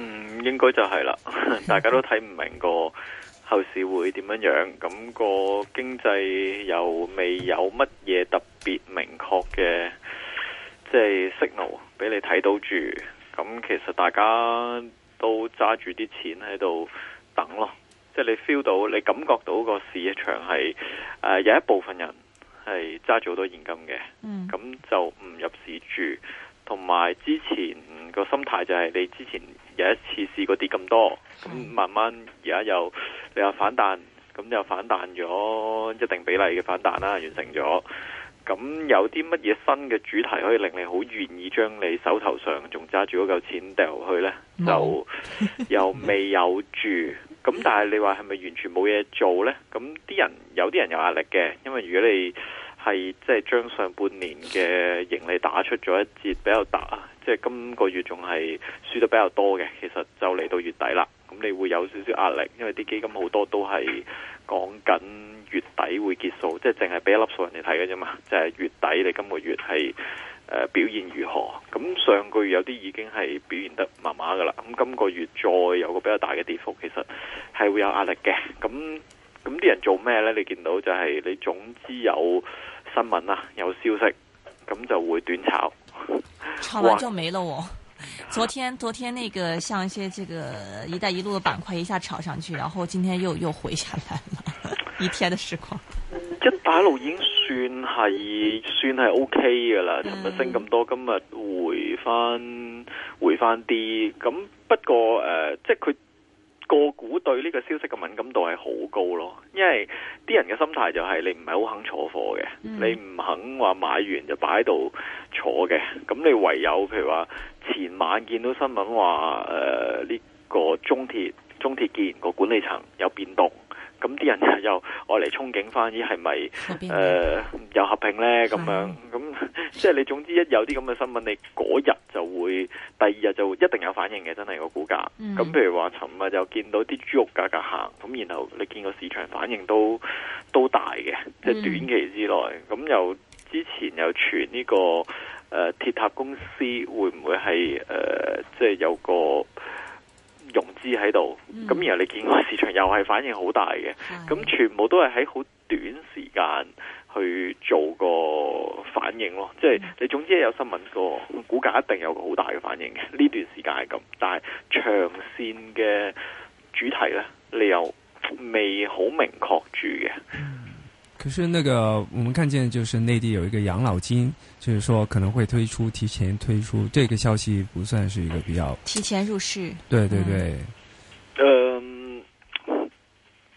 嗯，應該就係啦，大家都睇唔明個後市會點樣樣，咁個經濟又未有乜嘢特別明確嘅，即係 signal 俾你睇到住，咁其實大家都揸住啲錢喺度等咯，即係你 feel 到，你感覺到個市場係誒、呃、有一部分人係揸住好多現金嘅，嗯，咁就唔入市住，同埋之前個心態就係你之前。有一次試過跌咁多，咁慢慢而家又你話反彈，咁又反彈咗一定比例嘅反彈啦，完成咗。咁有啲乜嘢新嘅主題可以令你好願意將你手頭上仲揸住嗰嚿錢掉去呢？嗯、就，又未有住，咁但係你話係咪完全冇嘢做呢？咁啲人有啲人有壓力嘅，因為如果你係即係將上半年嘅盈利打出咗一節比較大。即係今個月仲係輸得比較多嘅，其實就嚟到月底啦，咁你會有少少壓力，因為啲基金好多都係講緊月底會結束，即係淨係俾一粒數人哋睇嘅啫嘛，就係月底你今個月係、呃、表現如何？咁上個月有啲已經係表現得麻麻噶啦，咁今個月再有個比較大嘅跌幅，其實係會有壓力嘅。咁咁啲人做咩呢？你見到就係你總之有新聞啊，有消息。咁就會短炒，炒完就沒了，哦。我哇昨天昨天那個像一些這個一帶一路的板塊一下炒上去，然後今天又又回下來了，一天的時光。一帶一路已經算係算係 OK 嘅啦，尋日升咁多。今日回翻回翻啲，咁不過誒、呃，即係佢。個股對呢個消息嘅敏感度係好高咯，因為啲人嘅心態就係你唔係好肯坐貨嘅，嗯、你唔肯話買完就擺喺度坐嘅，咁你唯有譬如話前晚見到新聞話誒呢個中鐵中鐵建個管理層有變動。咁啲人又愛嚟憧憬翻，咦邊，係咪誒有合併呢？咁樣咁的，即係你總之一有啲咁嘅新聞，你嗰日就會第二日就會一定有反應嘅，真係個股價。咁、嗯、譬如話，尋日又見到啲豬肉價格，格行，咁然後你見個市場反應都都大嘅，即係短期之內。咁又、嗯、之前又傳呢、呢個誒、呃、鐵塔公司會唔會係誒、呃、即係有個？融資喺度，咁然後你見個市場又係反應好大嘅，咁全部都係喺好短時間去做個反應咯，即係你總之有新聞個股價一定有個好大嘅反應嘅，呢段時間係咁，但係長線嘅主題呢，你又未好明確住嘅。是那個，我們看見就是內地有一個養老金，就是說可能會推出提前推出這個消息，不算是一個比較提前入市。對對對，嗯，uh,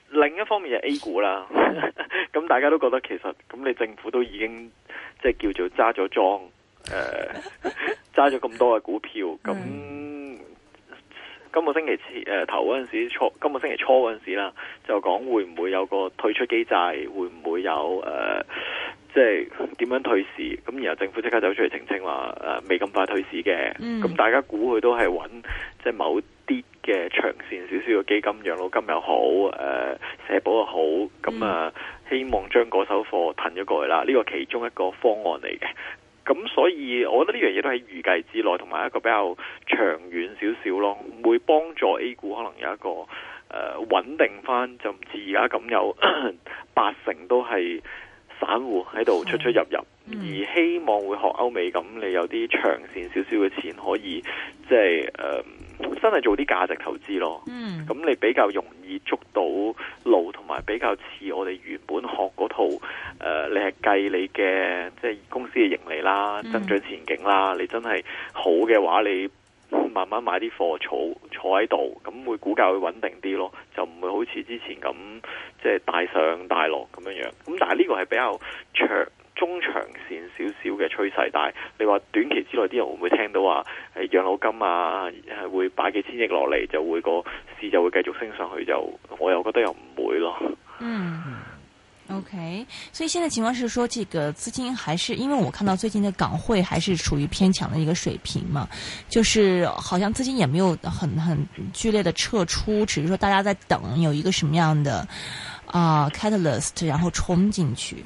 另一方面是 A 股啦，咁 大家都覺得其實咁，你政府都已經即係、就是、叫做揸咗莊，誒、呃，揸咗咁多嘅股票咁。嗯嗯今個星期前誒、呃，頭嗰陣時初，今個星期初嗰陣時啦，就講會唔會有個退出機制，會唔會有誒、呃，即係點樣退市？咁然後政府即刻走出嚟澄清話，誒、呃，未咁快退市嘅。咁、嗯、大家估佢都係搵，即係某啲嘅長線少少嘅基金、養老金又好，誒、呃，社保又好，咁啊，嗯、希望將嗰手貨騰咗過去啦。呢、這個其中一個方案嚟嘅。咁所以，我覺得呢樣嘢，都喺預計之內，同埋一個比較長遠少少咯，會幫助 A 股可能有一個呃、穩定翻，就唔似而家咁有八成都係散戶喺度出出入入，的而希望會學歐美咁，你有啲長線少少嘅錢可以即係。誒、就是。呃真係做啲價值投資咯，咁你比較容易捉到路，同埋比較似我哋原本學嗰套，誒、呃，你係計你嘅即係公司嘅盈利啦，增長前景啦，你真係好嘅話，你慢慢買啲貨坐坐喺度，咁會股價會穩定啲咯，就唔會好似之前咁即係大上大落咁樣樣。咁但係呢個係比較長。中長線少少嘅趨勢，但係你話短期之內啲人會唔會聽到話係養老金啊，係會擺幾千億落嚟，就會個市就會繼續升上去？就我又覺得又唔會咯。嗯，OK，所以現在情況是說，這個資金還是因為我看到最近嘅港匯還是處於偏強的一個水平嘛，就是好像資金也沒有很很劇烈的撤出，只是說大家在等有一個什麼樣的啊、呃、catalyst，然後衝進去。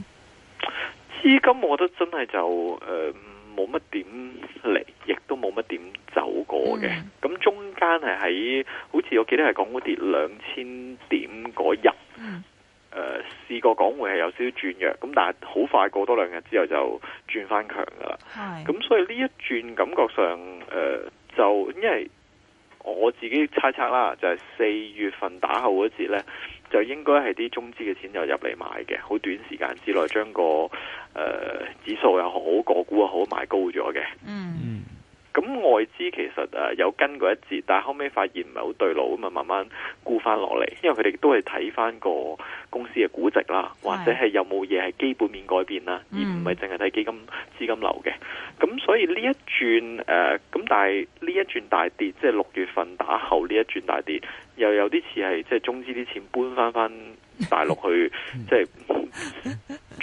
資金我覺得真係就誒冇乜點嚟，亦都冇乜點走過嘅。咁、嗯、中間係喺好似我記得係港股跌兩千點嗰日，誒試、嗯呃、過講會係有少少轉弱，咁但係好快過多兩日之後就轉翻強噶啦。咁是所以呢一轉感覺上誒、呃、就因為我自己猜測啦，就係、是、四月份打後嗰節咧。就應該係啲中資嘅錢就入嚟買嘅，好短時間之內將個誒、呃、指數又好，個股又好，買高咗嘅。嗯。咁外資其實誒有跟過一節，但係後尾發現唔係好對路啊嘛，慢慢沽翻落嚟。因為佢哋都係睇翻個公司嘅估值啦，或者係有冇嘢係基本面改變啦，而唔係淨係睇基金資金流嘅。咁、嗯、所以呢一轉誒，咁、呃、但係呢一轉大跌，即係六月份打後呢一轉大跌，又有啲似係即係中資啲錢搬翻翻大陸去，即係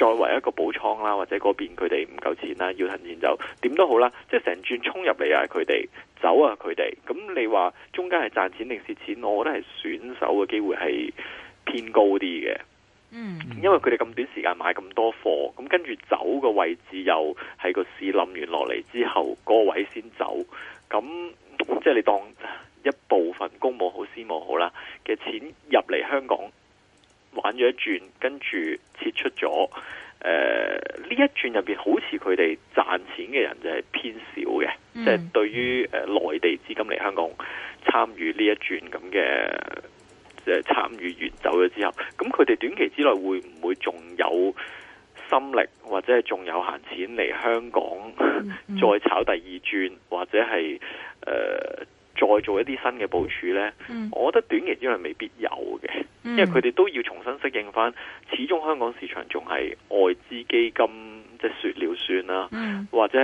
作為一個補倉啦，或者嗰邊佢哋唔夠錢啦，要騰錢走，點都好啦，即係成轉衝入嚟啊！佢哋走啊佢哋！佢哋，咁你話中間係賺錢定蝕錢？我覺得係損手嘅機會係偏高啲嘅。嗯，因為佢哋咁短時間買咁多貨，咁跟住走嘅位置又喺個市冧完落嚟之後個位先走，咁即係你當一部分公務好私募好啦嘅錢入嚟香港玩咗一轉，跟住。出咗，誒、呃、呢一轉入邊好似佢哋賺錢嘅人就係偏少嘅，即係、嗯、對於誒內地資金嚟香港參與呢一轉咁嘅，即係參與完走咗之後，咁佢哋短期之內會唔會仲有心力或者係仲有閒錢嚟香港？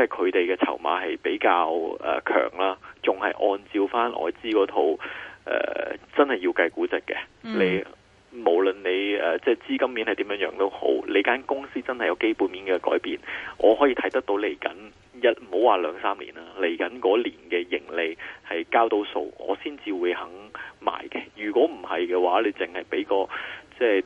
佢哋嘅籌碼係比較誒強啦，仲係按照返外資嗰套誒、呃，真係要計估值嘅。你無論你誒，即係資金面係點樣樣都好，你間公司真係有基本面嘅改變，我可以睇得到。嚟緊一唔好話兩三年啦，嚟緊嗰年嘅盈利係交到數，我先至會肯賣嘅。如果唔係嘅話，你淨係俾個即係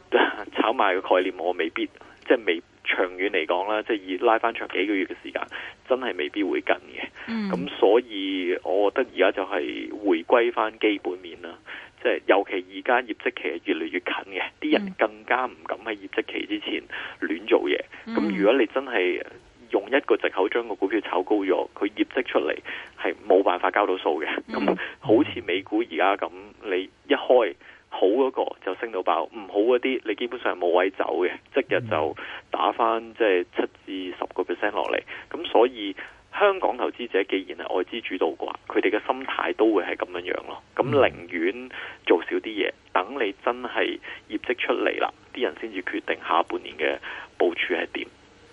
炒賣嘅概念，我未必即係未。長遠嚟講啦，即係以拉翻長幾個月嘅時間，真係未必會近嘅。咁、嗯、所以我覺得而家就係回歸翻基本面啦。即係尤其而家業績期係越嚟越近嘅，啲人更加唔敢喺業績期之前亂做嘢。咁、嗯、如果你真係用一個藉口將個股票炒高咗，佢業績出嚟係冇辦法交到數嘅。咁、嗯、好似美股而家咁，你一開。好嗰個就升到爆，唔好嗰啲你基本上冇位走嘅，即日就打返即係七至十個 percent 落嚟。咁所以香港投資者既然係外資主導嘅話，佢哋嘅心態都會係咁樣樣咯。咁寧願做少啲嘢，等你真係業績出嚟啦，啲人先至決定下半年嘅部署係點。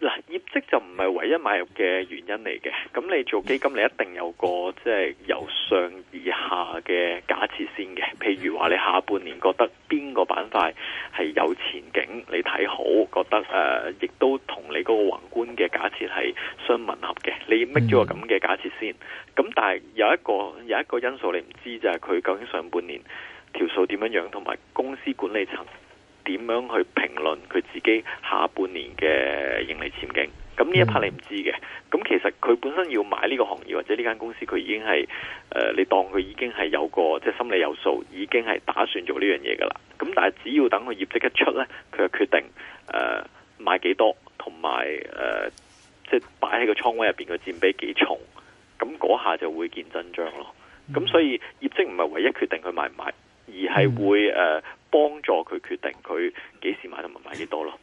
嗱，業績就唔係唯一買入嘅原因嚟嘅。咁你做基金，你一定有個即係、就是、由上而下嘅假設先嘅。譬如話你下半年覺得邊個板塊係有前景，你睇好，覺得誒、呃，亦都同你嗰個宏觀嘅假設係相吻合嘅。你 make 咗個咁嘅假設先。咁但係有一個有一個因素你唔知就係佢究竟上半年條數點樣樣，同埋公司管理層。點樣去評論佢自己下半年嘅盈利前景？咁呢一 part 你唔知嘅。咁其實佢本身要買呢個行業或者呢間公司，佢已經係誒、呃，你當佢已經係有個即係心理有數，已經係打算做呢樣嘢噶啦。咁但係只要等佢業績一出呢，佢就決定誒、呃、買幾多，同埋誒即係擺喺個倉位入邊嘅佔比幾重。咁嗰下就會見真章咯。咁所以業績唔係唯一決定佢買唔買，而係會誒。嗯幫助佢決定佢幾時買同埋買幾多咯。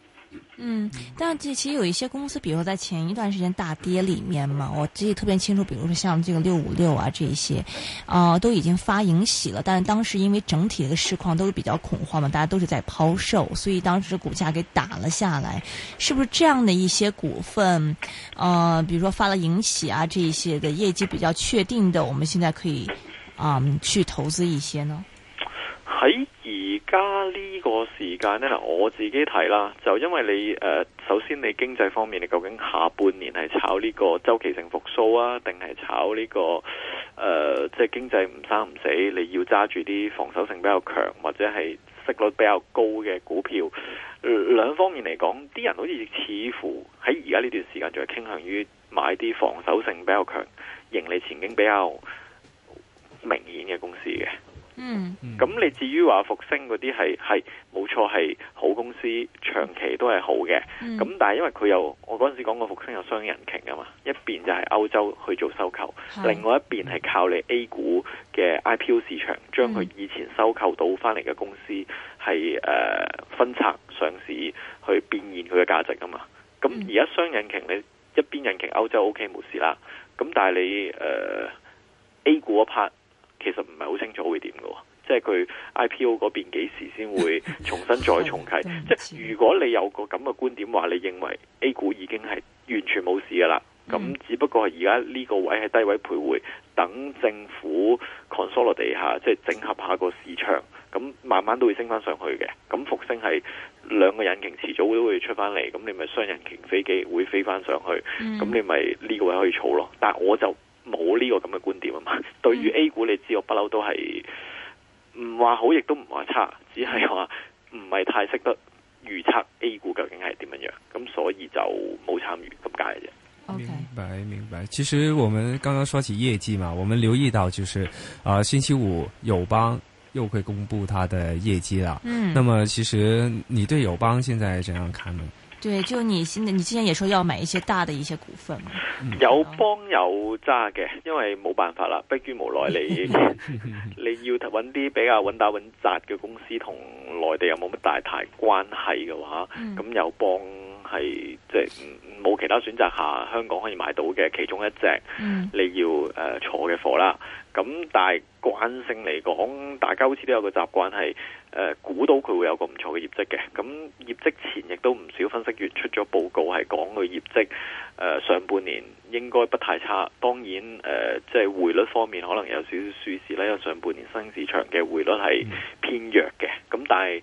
嗯，但係其實有一些公司，比如說在前一段時間大跌裏面嘛，我記得特別清楚，比如說像這個六五六啊，這一些，啊、呃，都已經發盈喜了。但係當時因為整體的市況都是比較恐慌嘛，大家都是在拋售，所以當時的股價給打了下來。是不是這樣的一些股份，呃，比如說發了盈喜啊，這一些的業績比較確定的，我們現在可以，啊、呃，去投資一些呢？喺而家呢個時間呢，我自己睇啦，就因為你誒、呃，首先你經濟方面，你究竟下半年係炒呢個周期性復甦啊，定係炒呢、呢個誒，即、呃、係、就是、經濟唔生唔死，你要揸住啲防守性比較強或者係息率比較高嘅股票。兩、嗯、方面嚟講，啲人好似似乎喺而家呢段時間仲係傾向於買啲防守性比較強、盈利前景比較明顯嘅公司嘅。嗯，咁你至於話復星嗰啲係係冇錯，係好公司，長期都係好嘅。咁、嗯、但係因為佢又我嗰陣時講過復星有雙引擎噶嘛，一邊就係歐洲去做收購，是另外一邊係靠你 A 股嘅 IPO 市場將佢以前收購到翻嚟嘅公司係誒、嗯呃、分拆上市去變現佢嘅價值噶嘛。咁而家雙引擎你一邊引擎歐洲 OK 冇事啦，咁但係你誒、呃、A 股嗰 part，其實唔係好清楚會點嘅，即係佢 IPO 嗰邊幾時先會重新再重啟？即係如果你有個咁嘅觀點的話，話你認為 A 股已經係完全冇事嘅啦，咁只不過係而家呢個位係低位徘徊，等政府 consolidate 下，即係整合下個市場，咁慢慢都會升翻上去嘅。咁復星係兩個引擎，遲早都會出翻嚟。咁你咪雙引擎飛機會飛翻上去，咁、嗯、你咪呢個位可以儲咯。但係我就。冇呢個咁嘅觀點啊嘛，對於 A 股你知我是不嬲都係唔話好亦都唔話差，只係話唔係太識得預測 A 股究竟係點樣樣，咁所以就冇參與咁解嘅啫。Okay. 明白明白，其實我們剛剛說起業績嘛，我們留意到就是啊、呃、星期五友邦又會公布它的業績啦。嗯，那麼其實你對友邦現在怎樣看呢？對，就你現在你之前也說要買一些大的一些股份，有幫有揸嘅，因為冇辦法啦，迫於無奈你 你要揾啲比較穩打穩紮嘅公司，同內地又冇乜大太關係嘅話，咁、嗯、又幫係即係冇其他選擇下，香港可以買到嘅其中一隻，嗯、你要誒、呃、坐嘅貨啦。咁但係慣性嚟講，大家好似都有個習慣係。估、呃、到佢會有個唔錯嘅業績嘅，咁業績前亦都唔少分析員出咗報告係講佢業績、呃、上半年應該不太差。當然誒，即、呃、係、就是、匯率方面可能有少少輸蝕咧，因為上半年新市場嘅匯率係偏弱嘅。咁但係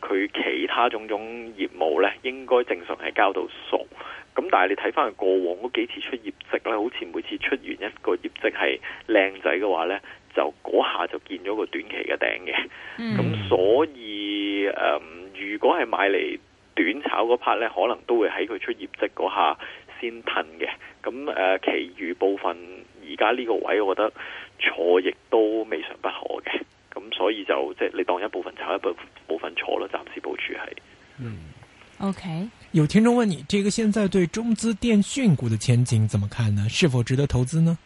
佢、呃、其他種種業務呢應該正常係交到數。咁但係你睇翻佢過往嗰幾次出業績呢，好似每次出完一個業績係靚仔嘅話呢。就嗰下就見咗個短期嘅頂嘅，咁、嗯、所以誒、呃，如果係買嚟短炒嗰 part 咧，可能都會喺佢出業績嗰下先褪嘅。咁誒、呃，其餘部分而家呢個位，我覺得坐亦都未嘗不可嘅。咁所以就即係、就是、你當一部分炒，一部分部分坐咯，暫時部署係。嗯，OK。有聽眾問你，這個現在對中資電訊股的前景怎麼看呢？是否值得投資呢？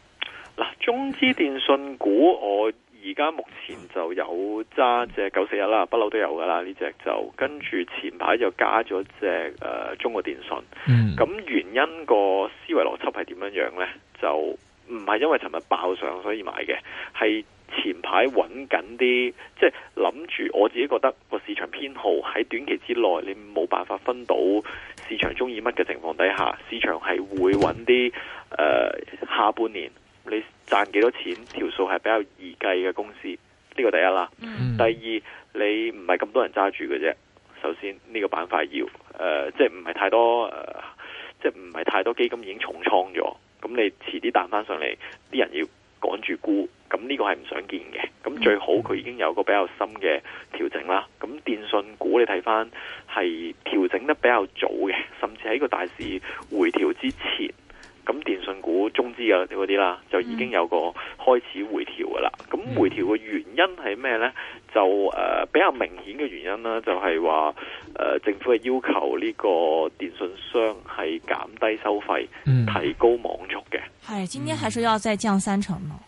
中資電訊股，我而家目前就有揸隻九四一啦，不嬲都有噶啦呢隻，隻就跟住前排就加咗隻誒中國電信。咁、嗯、原因個思維邏輯係點樣樣呢？就唔係因為尋日爆上所以買嘅，係前排揾緊啲，即係諗住我自己覺得個市場偏好喺短期之內你冇辦法分到市場中意乜嘅情況底下，市場係會揾啲誒下半年。你賺幾多錢？條數係比較易計嘅公司，呢個第一啦。嗯、第二，你唔係咁多人揸住嘅啫。首先，呢個板塊要誒，即係唔係太多，即係唔係太多基金已經重倉咗。咁你遲啲彈翻上嚟，啲人要趕住沽，咁呢個係唔想見嘅。咁最好佢已經有個比較深嘅調整啦。咁電信股你睇翻係調整得比較早嘅，甚至喺個大市回調之前。咁電信股中資嘅嗰啲啦，就已經有個開始回調㗎啦。咁、嗯、回調嘅原因係咩呢？就誒、呃、比較明顯嘅原因啦、就是，就係話誒政府係要求呢個電信商係減低收費，嗯、提高網速嘅。係，今天還是要再降三成咯。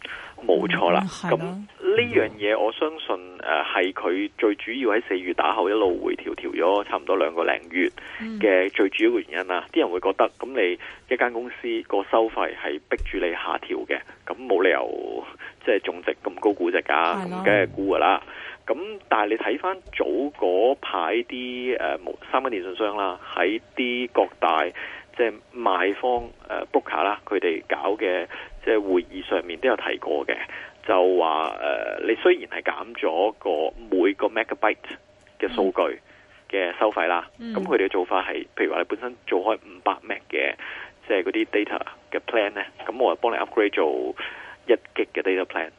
冇錯啦，咁呢、嗯、樣嘢，我相信誒係佢最主要喺四月打後一路回調調咗差唔多兩個零月嘅最主要嘅原因啦。啲、嗯、人會覺得，咁你一間公司個收費係逼住你下調嘅，咁冇理由即係、就是、種植咁高估值噶、啊，咁梗係沽噶啦。咁但係你睇翻早嗰排啲誒三間電信商啦，喺啲各大即係、就是、賣方誒、呃、broker 啦，佢哋搞嘅。即係會議上面都有提過嘅，就話誒、呃，你雖然係減咗個每個 megabyte 嘅數據嘅收費啦，咁佢哋嘅做法係，譬如話你本身做開五百 meg 嘅，即係嗰啲 data 嘅 plan 咧，咁我幫你 upgrade 做一 GB 嘅 data plan。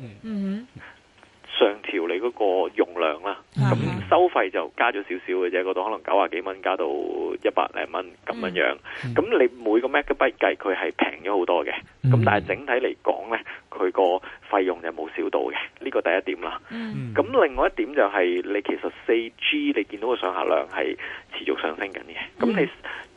嗯。嗯上調你嗰個用量啦，咁收費就加咗少少嘅啫，嗰度可能九啊幾蚊加到一百零蚊咁樣咁、嗯、你每個 MB 計佢係平咗好多嘅，咁、嗯、但係整體嚟講咧，佢個費用就冇少到嘅，呢、這個第一點啦。咁、嗯、另外一點就係、是、你其實 4G 你見到個上下量係持續上升緊嘅。咁你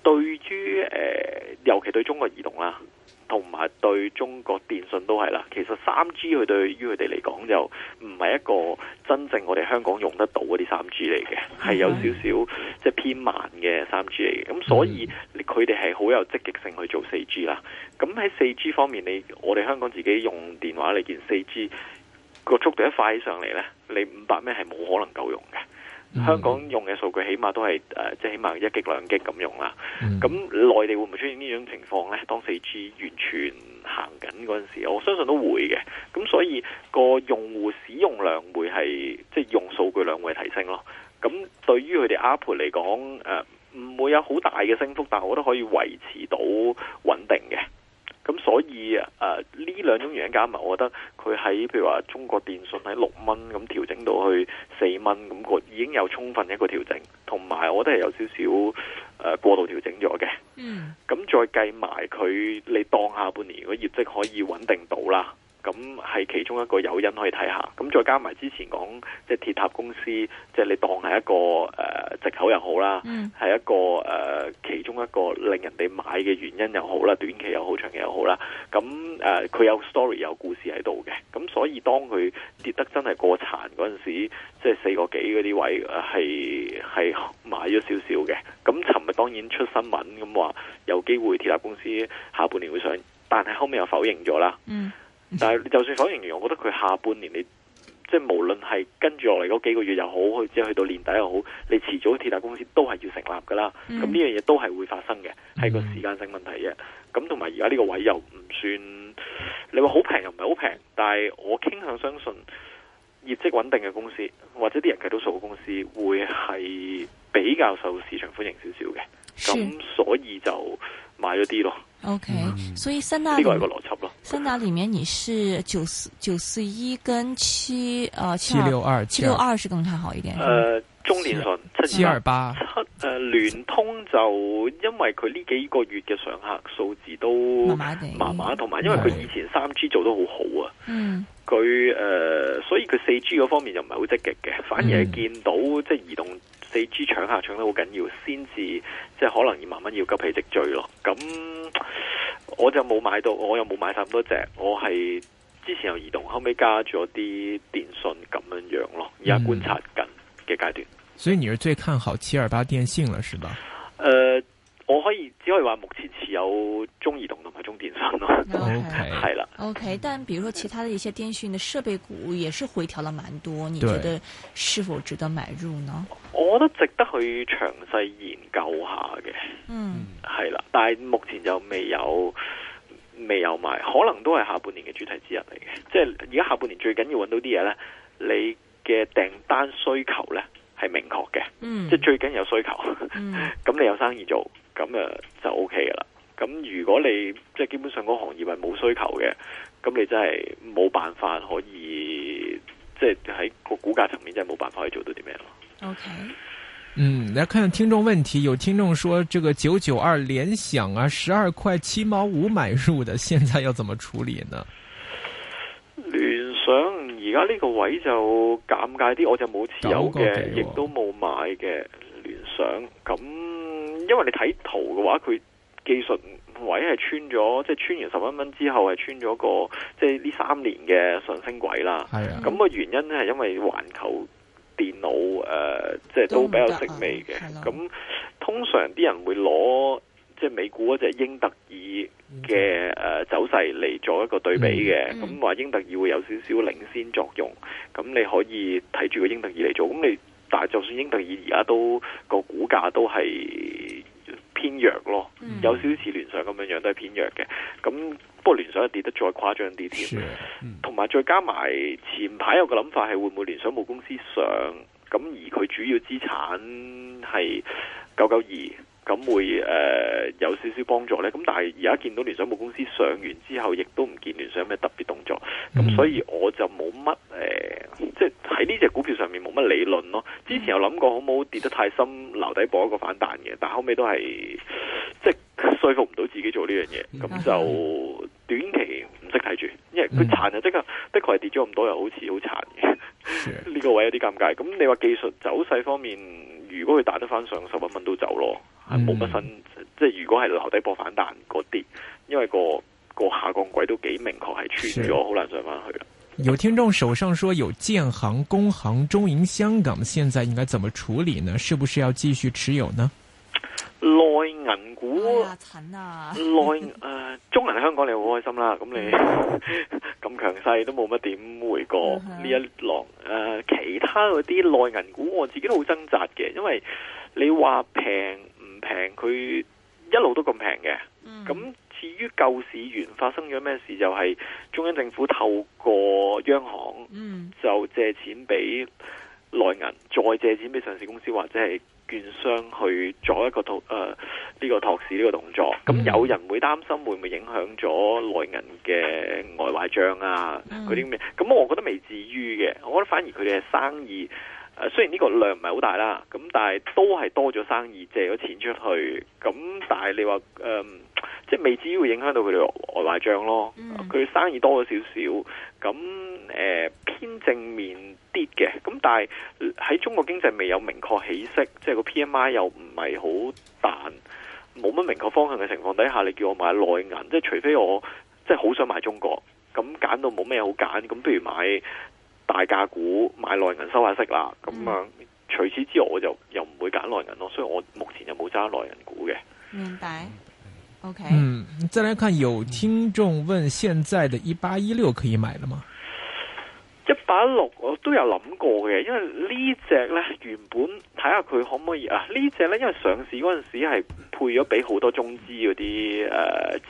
對於、呃、尤其對中國移動啦。同埋對中國電信都係啦，其實三 G 佢對於佢哋嚟講就唔係一個真正我哋香港用得到嗰啲三 G 嚟嘅，係有少少即係偏慢嘅三 G 嚟嘅。咁所以佢哋係好有積極性去做四 G 啦。咁喺四 G 方面，你我哋香港自己用電話嚟見四 G 個速度一快上嚟呢，你五百 Mbps 係冇可能夠用嘅。嗯、香港用嘅數據，起碼都係誒、呃，即係起碼一 G 兩 G 咁用啦。咁、嗯、內地會唔會出現呢種情況呢？當四 G 完全行緊嗰陣時候，我相信都會嘅。咁所以個用戶使用量會係即係用數據量會提升咯。咁對於佢哋 ARPU 嚟講，誒、呃、唔會有好大嘅升幅，但係我覺得可以維持到穩定嘅。咁所以啊，呢、呃、兩種原因加埋，我覺得佢喺譬如話中國電信喺六蚊咁調整到去四蚊，咁佢已經有充分一個調整，同埋我覺得係有少少誒過度調整咗嘅。嗯，咁再計埋佢，你當下半年個業績可以穩定到啦。咁係其中一個誘因可以睇下，咁再加埋之前講即係鐵塔公司，即、就、係、是、你當係一個誒借、呃、口又好啦，係、mm. 一個誒、呃、其中一個令人哋買嘅原因又好啦，短期又好，長期又好啦。咁誒，佢、呃、有 story 有故事喺度嘅，咁所以當佢跌得真係過殘嗰陣時，即係四個幾嗰啲位係係買咗少少嘅。咁尋日當然出新聞咁話有機會鐵塔公司下半年會上，但係後尾又否認咗啦。Mm. 但係，就算反映完，我覺得佢下半年你，即係無論係跟住落嚟，嗰幾個月又好，或者去到年底又好，你遲早鐵達公司都係要成立噶啦。咁呢、嗯、樣嘢,都係會發生嘅，係個時間性問題啫。咁同埋而家呢個位又唔算，你話好平又唔係好平，但係我傾向相信業績穩定嘅公司或者啲人計到數嘅公司，會係比較受市場歡迎少少嘅。咁是所以就買咗啲咯。O Okay , K，、嗯、所以三大呢個係一個邏輯咯。三大裏面你是九四九四一跟七啊、呃、七,七六二七六二是更加好一點。誒、呃，中電訊四七二八七誒，聯、呃、通就因為佢呢幾個月嘅上客數字都麻麻，同埋因為佢以前三 G 做得好好啊，佢誒、嗯呃，所以佢四 G 嗰方面又唔係好積極嘅，反而係見到、嗯、即係移動。四 G 搶下搶得好緊要，先至即係可能要慢慢要急起直追咯。咁我就冇買到，我又冇買咁多隻，我係之前有移動，後尾加咗啲電信咁樣樣咯，而家觀察緊嘅階段。嗯，所以你係最看好七二八電信啦，是吧？我可以只可以話目前持有中移動同埋中電信咯。O K 係啦。O K，但比如說其他的一些電訊的設備股也是回調了蠻多，對你覺得是否值得買入呢？我覺得值得去詳細研究下嘅。嗯，係啦，但係目前就未有未有買，可能都係下半年嘅主題之一嚟嘅。即係而家下半年最緊要揾到啲嘢呢，你嘅訂單需求呢係明確嘅。嗯，即係最緊要有需求。嗯，咁 你有生意做。咁啊就 O K 噶啦。咁如果你即係基本上嗰個行業係冇需求嘅，咁你真係冇辦法可以即係喺個股價層面真係冇辦法去做到啲咩咯。O Okay K，嗯，來看看聽眾問題，有聽眾說，這個九九二聯想啊，十二塊七毛五買入的，現在要怎麼處理呢？聯想而家呢個位就尷尬啲，我就冇持有嘅，亦都冇買嘅聯想咁。嗯因為你睇圖嘅話，佢技術位係穿咗，即係穿完十一蚊之後係穿咗個即係呢三年嘅上升軌啦。係啊，咁個原因咧係因為環球電腦誒、呃，即係都比較適味嘅。咁、啊啊、通常啲人會攞即係美股嗰隻英特爾嘅誒走勢嚟做一個對比嘅。咁話、嗯、英特爾會有少少領先作用。咁你可以睇住個英特爾嚟做。咁你，但係就算英特爾而家都、個股價都係。偏弱咯，mm. 有少少似聯想咁樣樣都係偏弱嘅，咁不過聯想係跌得再誇張啲添，同埋 Sure .、mm. 再加埋前排有個諗法係會唔會聯想母公司上，咁而佢主要資產係九九二。咁會誒、呃、有少少幫助呢。咁但係而家見到聯想母公司上完之後，亦都唔見聯想咩特別動作，咁所以我就冇乜誒，即係喺呢隻股票上面冇乜理論咯。之前有諗過，好唔好跌得太深，留底博一個反彈嘅，但後尾都係即係。就是說服唔到自己做呢樣嘢，咁就短期唔識睇住，因為佢殘就即刻，的確係跌咗咁多，又好似好殘嘅。呢是個位有啲尷尬。咁你話技術走勢方面，如果佢彈得翻上十五蚊都走咯，係冇乜分。即係如果係留低博反彈嗰啲，因為個個下降軌都幾明確係穿咗，好難上翻去啦。有聽眾手上說有建行、工行、中銀香港，現在應該怎麼處理呢？是不是要繼續持有呢？內銀股，內啊、哎 呃，中銀香港你好開心啦，咁你咁強勢都冇乜點回過呢一浪。誒、呃，其他嗰啲內銀股我自己都好掙扎嘅，因為你話平唔平，佢一路都咁平嘅。咁、嗯、至於救市員發生咗咩事，就係、是、中央政府透過央行就借錢俾。內銀再借錢俾上市公司或者係券商去做一個託，誒呢個託市呢個動作，咁、嗯、有人會擔心會唔會影響咗內銀嘅外壞帳啊、嗰啲咩？咁、嗯啊、我覺得未至於嘅，我覺得反而佢哋嘅生意。誒，雖然呢個量唔係好大啦，咁但係都係多咗生意，借咗錢出去，咁但係你話誒、嗯，即係未至於會影響到佢哋外賣帳咯。佢、嗯、生意多咗少少，咁誒、呃、偏正面啲嘅，咁但係喺中國經濟未有明確起色，即係個 P M I 又唔係好彈，冇乜明確方向嘅情況底下，你叫我買內銀，即係除非我即係好想買中國，咁揀到冇咩好揀，咁不如買。大價股買內銀收下息啦，咁樣除此之外我就又唔會揀內銀咯，所以我目前就冇揸內銀股嘅。明白，OK。嗯，再來看有聽眾問：現在的一八一六可以買了嗎？一百六我都有諗過嘅，因為呢隻呢，原本睇下佢可唔可以啊？呢隻呢，因為上市嗰陣時係配咗俾好多中資嗰啲誒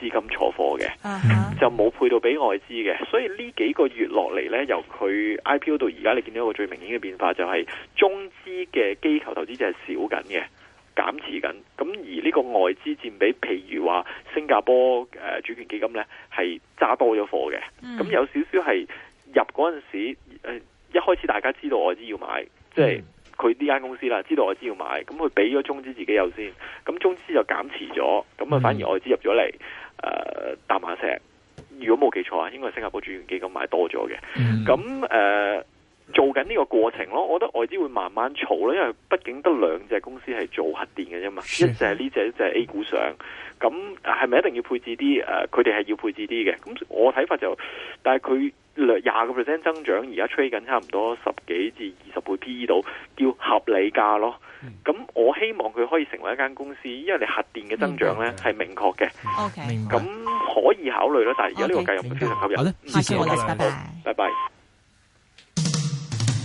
資金坐貨嘅，uh huh. 就冇配到俾外資嘅，所以呢幾個月落嚟呢，由佢 IPO 到而家，你見到一個最明顯嘅變化就係中資嘅機構投資者係少緊嘅，減持緊，咁而呢個外資占比，譬如話新加坡誒、呃、主權基金呢，係揸多咗貨嘅，咁有少少係。入嗰陣時，誒，一開始大家知道外資要買，即係佢呢間公司啦，知道外資要買，咁佢俾咗中資自己有先，咁中資就減持咗，咁啊反而外資入咗嚟，誒、嗯，呃、淡馬錫，如果冇記錯啊，應該新加坡主權基金買多咗嘅，咁誒、嗯呃，做緊呢個過程咯，我覺得外資會慢慢炒咯，因為畢竟得兩隻公司係做核電嘅啫嘛，一隻係呢隻，一隻係 A 股上，咁係咪一定要配置啲？誒、呃，佢哋係要配置啲嘅，咁我睇法就，但係佢。廿個 percent 增長，而家吹緊差唔多十幾至二十倍 P/E 度，叫合理價咯。咁、嗯、我希望佢可以成為一間公司，因為你核電嘅增長咧係、嗯、明確嘅。O.K. 咁明白可以考慮咯，但係而家呢個價又唔非常吸引。謝謝好拜拜。拜拜